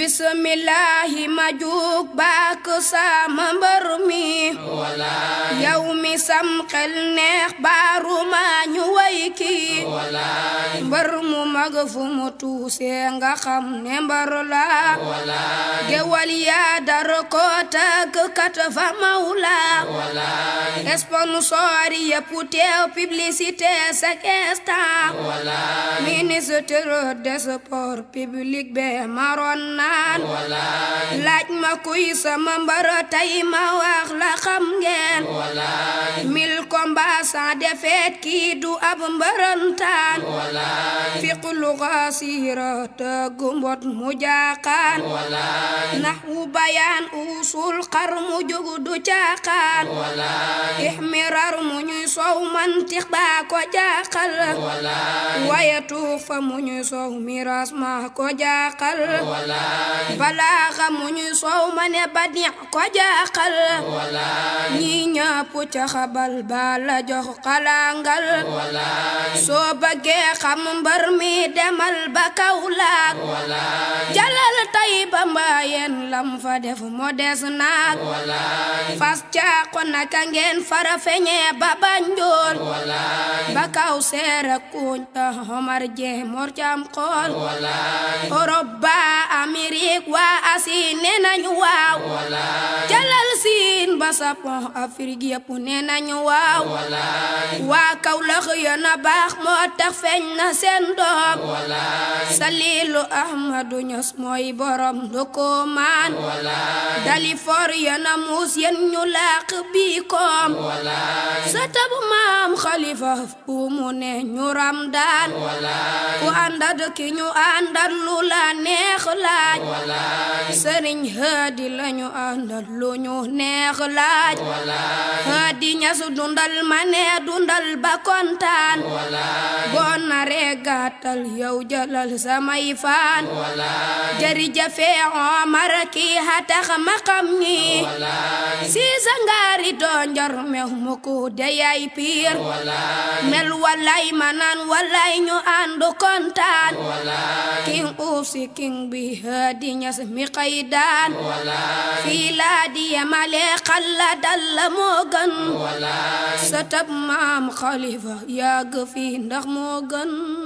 bismillahi ma jug bàkk sama mbër mi yow mi sam xel neex baaru maa ñu way kii mbër mu mag fu mu tuusee nga xam ne mbër la gewal yaa dar ko tàgg kat fa mawla sponsor yëpp teew publicité sa kesta secteur de sports public be maroon naan laaj ma kuy sama mbara tay ma wax la xam ngeen mil combat sans défaite ki du ab mbarantaan fiqlu xasira tëgg mbot mu jaaxaan nahwu bayan usul qarmu mu jóg du caaxaan ihmirar sow man tix mu ñuy sow miras ma ko jaaxal balaaxa mu ñuy sow ma ne badix ko jaaxal ñi ñëpp ca xabal la jox xalaangal soo bëggee xam mbar mi demal ba kaw laak ay Bamba yeen lam fa def moo fas caaqo naka ngeen fara feñee ba Banjul ba kuuñ ta Omar je Mor Thiam xool Europe ba Amérique waa asi ne sapon Afrique yëpp nee nañu waaw waa Kawlax yoon a baax tax feñ na sen doom Salilu Ahmadu Ñas moy borom man dali for ya na mus yen ñu laq bi koom sa tabu khalifa fu buumu ne ñu ramdaan ku ki ñu lu la neex laaj serigne hadi lañu lu ñu neex laaj laaj di ñasu dundal ma ne dundal ba kontaan boo naree gàttal yow jëlal samay faan jëri jafe Omar kii ha tax ma xam ñi siisa ngaari doo njor meew mu ko deyay piir mel walay manan walay ñu ànd kontaan أوصيكم بهاد يسمي قيدان في لادي مالي قلد اللموغن ستب مام خليفة ياغ في ندخ موغن